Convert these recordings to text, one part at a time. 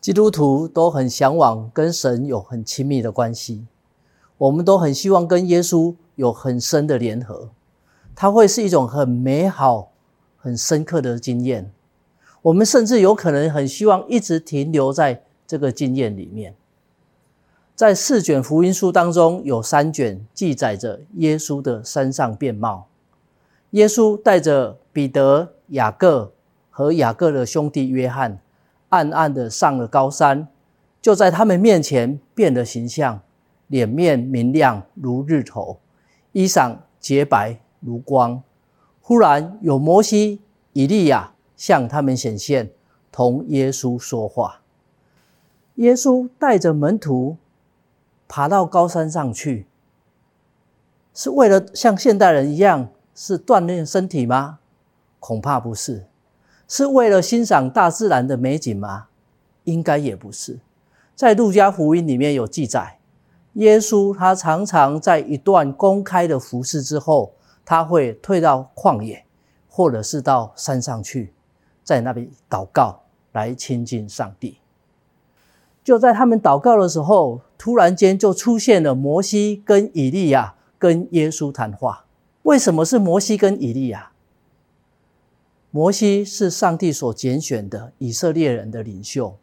基督徒都很嚮往跟神有很親密的關係，我們都很希望跟耶穌有很深的聯合，他會是一種很美好、很深刻的經驗。我們甚至有可能很希望一直停留在這個經驗裡面。在四卷福音書當中，有三卷記載着耶穌的山上變貌。耶穌帶着彼得、雅各和雅各的兄弟約翰。暗暗地上了高山，就在他們面前變了形象，臉面明亮如日頭，衣裳潔白如光。忽然有摩西、以利亞向他們顯現，同耶穌說話。耶穌帶着門徒爬到高山上去，是為了像現代人一樣是鍛鍊身體嗎？恐怕不是。是為了欣賞大自然的美景嗎？應該也不是。在《路加福音》裡面有記載，耶穌他常常在一段公開的服侍，之後，他會退到曠野，或者是到山上去，在那邊禱告，來親近上帝。就在他們禱告的時候，突然間就出現了摩西跟以利亞跟耶穌談話。為什麼是摩西跟以利亞？摩西是上帝所揀選的以色列人的領袖，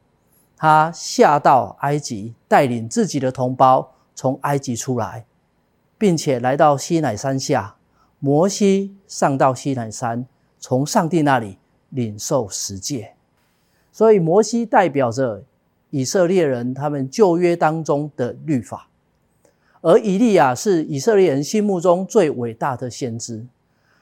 他下到埃及，帶領自己的同胞從埃及出來，並且來到西奈山下。摩西上到西奈山，從上帝那裡領受十誡，所以摩西代表着以色列人他們舊約當中的律法。而以利亞是以色列人心目中最偉大的先知，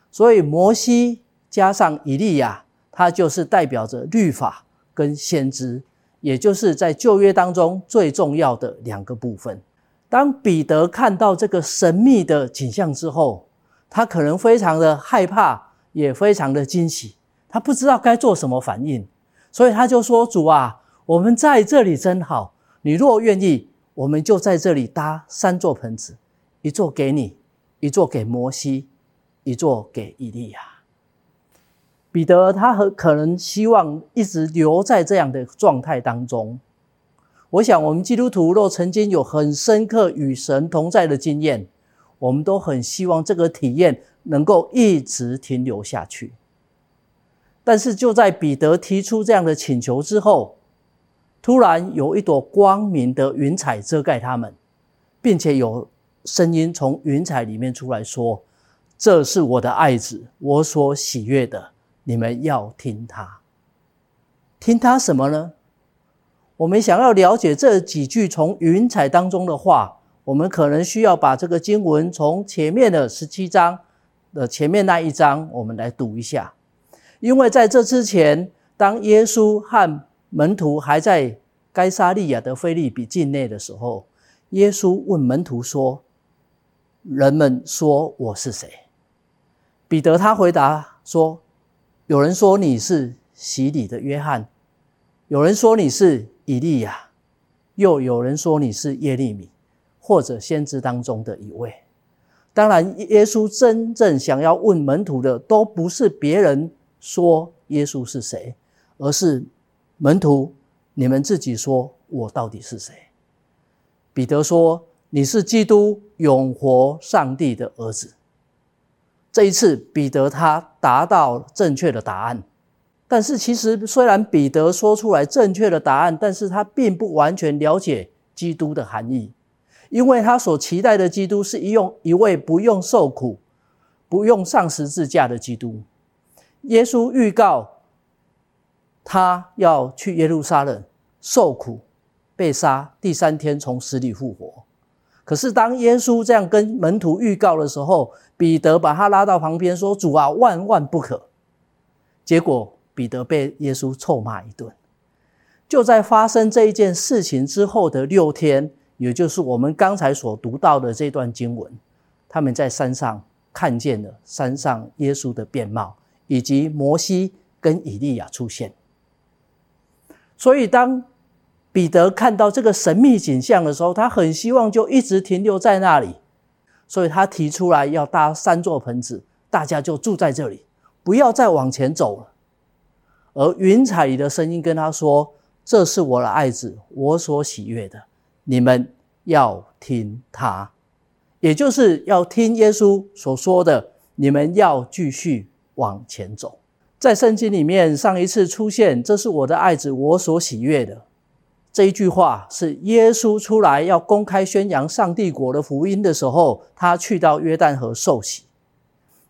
所以摩西，加上以利亞，他就是代表着律法跟先知，也就是在舊約當中最重要的兩個部分。當彼得看到這個神秘的景象之後，他可能非常的害怕，也非常的驚喜，他不知道該做什麼反應，所以他就說：“主啊，我們在這裡真好。你若願意，我們就在這裡搭三座棚子，一座給你，一座給摩西，一座給以利亞。”彼得他很可能希望一直留在這樣的狀態當中。我想，我們基督徒若曾經有很深刻與神同在的經驗，我們都很希望這個體驗能夠一直停留下去。但是，就在彼得提出這樣的請求之後，突然有一朵光明的雲彩遮蓋他們，並且有聲音從雲彩裡面出來說：“這是我的愛子，我所喜悅的。”你們要聽他，聽他什麼呢？我們想要了解這幾句從雲彩當中的話，我們可能需要把這個經文從前面的十七章的前面那一章，我們來讀一下。因為在這之前，當耶穌和門徒還在該撒利亞的腓利比境內的時候，耶穌問門徒說：“人們說我是誰？”彼得他回答說。有人說你是洗禮的約翰，有人說你是以利亞，又有人說你是耶利米，或者先知當中的一位。當然，耶穌真正想要問門徒的，都不是別人說耶穌是誰，而是門徒，你們自己說我到底是誰。彼得說：“你是基督，永活上帝的兒子。”這一次，彼得他達到正確的答案，但是其實雖然彼得說出來正確的答案，但是他並不完全了解基督的含義，因為他所期待的基督是一用一位不用受苦、不用上十字架的基督。耶穌預告他要去耶路撒冷受苦、被殺，第三天從死裡復活。可是當耶穌這樣跟門徒預告的時候，彼得把他拉到旁邊說：“主啊，萬萬不可！”結果彼得被耶穌臭罵一頓。就在發生這一件事情之後的六天，也就是我們剛才所讀到的這段經文，他們在山上看見了山上耶穌的變貌，以及摩西跟以利亞出現。所以，當彼得看到這個神秘景象的時候，他很希望就一直停留在那裡。所以他提出來要搭三座棚子，大家就住在這裡，不要再往前走了。而雲彩裡的聲音跟他說：“這是我的愛子，我所喜悅的，你們要聽他，也就是要聽耶穌所說的，你們要繼續往前走。”在聖經裡面，上一次出現：“這是我的愛子，我所喜悅的。”這一句話是耶穌出來要公開宣揚上帝國的福音的時候，他去到約旦河受洗。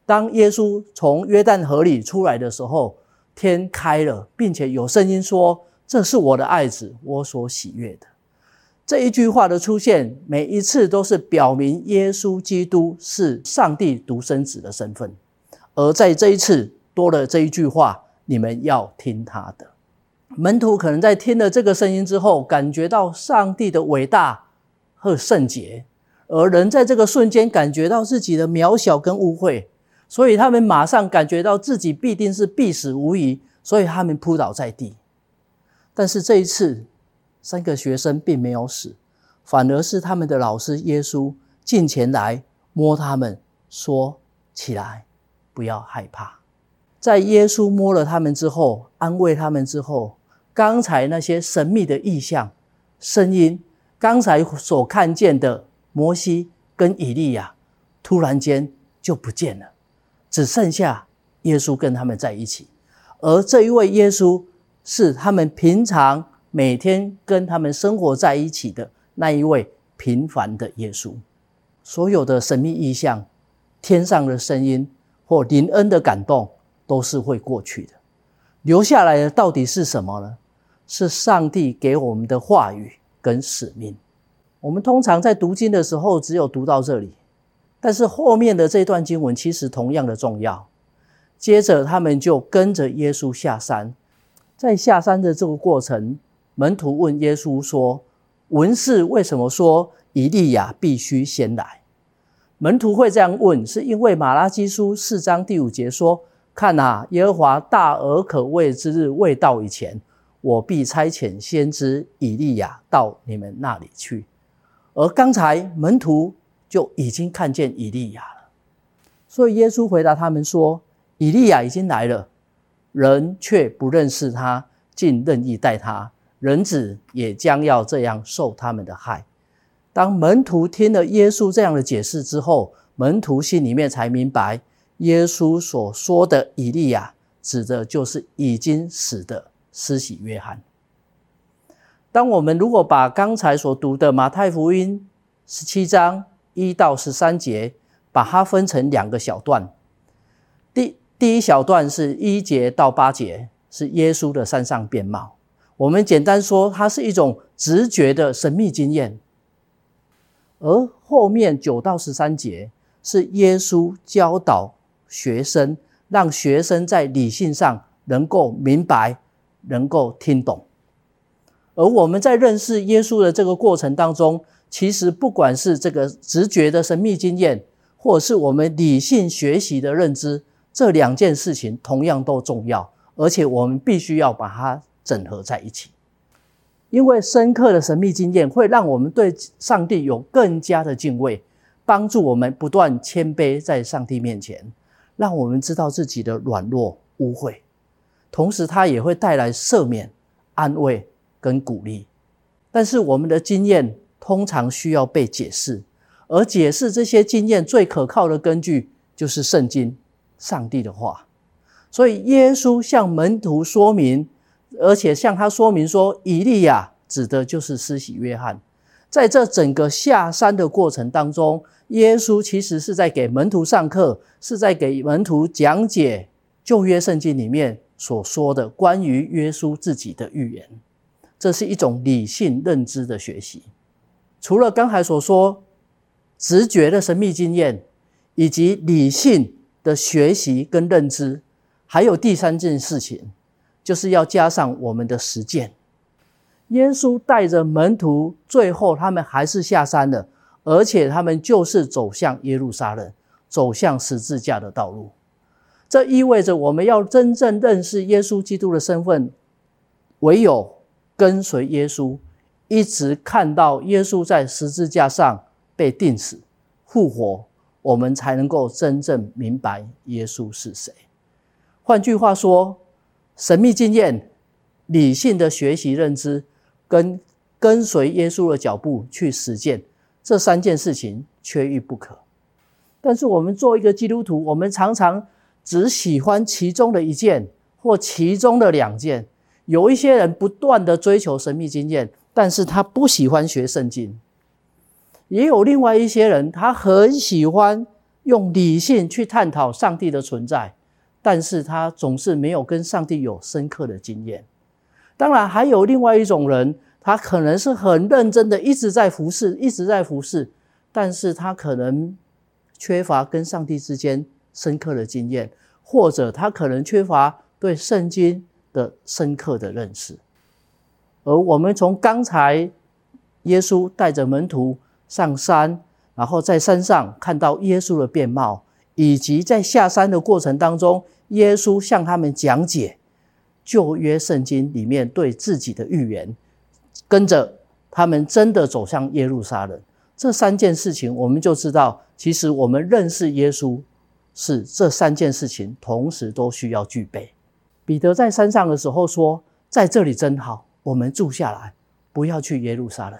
當耶穌從約旦河裡出來的時候，天開了，並且有聲音說：“這是我的愛子，我所喜悅的。”這一句話的出現，每一次都是表明耶穌基督是上帝獨生子的身份。而在這一次多了這一句話，你們要聽他的。門徒可能在聽了這個聲音之後，感覺到上帝的偉大和聖潔，而人在這個瞬間感覺到自己的渺小跟污穢，所以他們馬上感覺到自己必定是必死無疑，所以他們撲倒在地。但是這一次，三個學生並沒有死，反而是他們的老師耶穌進前來摸他們，說：“起來，不要害怕。”在耶穌摸了他們之後，安慰他們之後。剛才那些神秘的異象、聲音，剛才所看見的摩西跟以利亞，突然間就不見了，只剩下耶穌跟他們在一起。而這一位耶穌，是他們平常每天跟他們生活在一起的那一位平凡的耶穌。所有的神秘異象、天上的聲音或靈恩的感動，都是會過去的。留下來的到底是什麼呢？是上帝給我們的話語跟使命。我們通常在讀經的時候，只有讀到這裡，但是後面的這段經文其實同樣的重要。接着，他們就跟着耶穌下山，在下山的這個過程，門徒問耶穌說：“文士為什麼說以利亞必須先來？”門徒會這樣問，是因為馬拉基書四章第五節說：“看哪，耶和華大而可畏之日未到以前。”我必差遣先知以利亞到你們那裡去，而剛才門徒就已經看見以利亞了。所以耶穌回答他們說：“以利亞已經來了，人卻不認識他，竟任意待他。人子也將要這樣受他們的害。”當門徒聽了耶穌這樣的解釋之後，門徒心裡面才明白，耶穌所說的以利亞指的就是已經死的。施洗約翰。當我們如果把剛才所讀的馬太福音十七章一到十三節，把它分成兩個小段，第第一小段是一節到八節，是耶穌的山上變貌，我們簡單說，它是一種直覺的神秘經驗；而後面九到十三節，是耶穌教導學生，讓學生在理性上能夠明白。能夠聽懂，而我們在認識耶穌的這個過程當中，其實不管是這個直覺的神秘經驗，或是我們理性學習的認知，這兩件事情同樣都重要，而且我們必須要把它整合在一起，因為深刻的神秘經驗會讓我們對上帝有更加的敬畏，幫助我們不斷謙卑在上帝面前，讓我們知道自己的軟弱、污穢。同時，它也會帶來赦免、安慰跟鼓勵。但是，我們的經驗通常需要被解釋，而解釋這些經驗最可靠的根據就是聖經，上帝的話。所以，耶穌向門徒說明，而且向他說明說，以利亞指的就是施洗約翰。在這整個下山的過程當中，耶穌其實是在給門徒上課，是在給門徒講解舊約聖經裡面。所說的關於耶穌自己的預言，這是一種理性認知的學習。除了剛才所說直覺的神秘經驗，以及理性的學習跟認知，還有第三件事情，就是要加上我們的實踐。耶穌帶着門徒，最後他們還是下山了，而且他們就是走向耶路撒冷，走向十字架的道路。這意味着我們要真正認識耶穌基督的身份，唯有跟隨耶穌，一直看到耶穌在十字架上被釘死、復活，我們才能夠真正明白耶穌是誰。換句話說，神秘經驗、理性的學習認知，跟跟隨耶穌的腳步去實踐，這三件事情缺一不可。但是，我們做一個基督徒，我們常常，只喜歡其中的一件或其中的兩件。有一些人不斷地追求神秘經驗，但是他不喜歡學聖經。也有另外一些人，他很喜歡用理性去探討上帝的存在，但是他總是沒有跟上帝有深刻的經驗。當然，還有另外一種人，他可能是很認真的一直在服侍，一直在服侍，但是他可能缺乏跟上帝之間。深刻的經驗，或者他可能缺乏對聖經的深刻的認識，而我們從剛才耶穌帶着門徒上山，然後在山上看到耶穌的變貌，以及在下山的過程當中，耶穌向他們講解舊約聖經裡面對自己的預言，跟着他們真的走向耶路撒冷，這三件事情，我們就知道，其實我們認識耶穌。是，這三件事情同時都需要具備。彼得在山上的時候說：“在這裡真好，我們住下來，不要去耶路撒冷。”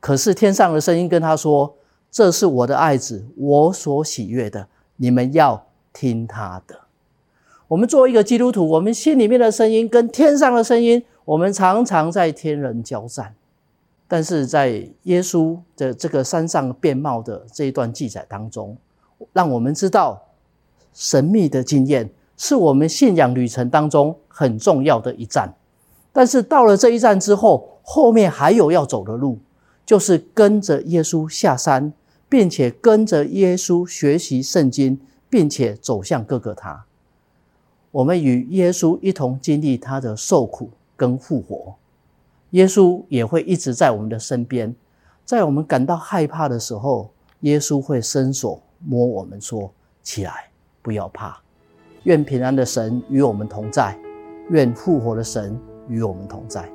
可是天上的聲音跟他說：“這是我的愛子，我所喜悅的，你們要聽他的。”我們作為一個基督徒，我們心裡面的聲音跟天上的聲音，我們常常在天人交戰。但是在耶穌的這個山上變貌的這一段記載當中。讓我們知道，神秘的經驗是我們信仰旅程當中很重要的一站。但是到了這一站之後，後面還有要走的路，就是跟着耶穌下山，並且跟着耶穌學習聖經，並且走向各各他。我們與耶穌一同經歷他的受苦跟復活，耶穌也會一直在我們的身邊。在我們感到害怕的時候，耶穌會伸手摸我們說：“起來，不要怕。願平安的神與我們同在，願復活的神與我們同在。”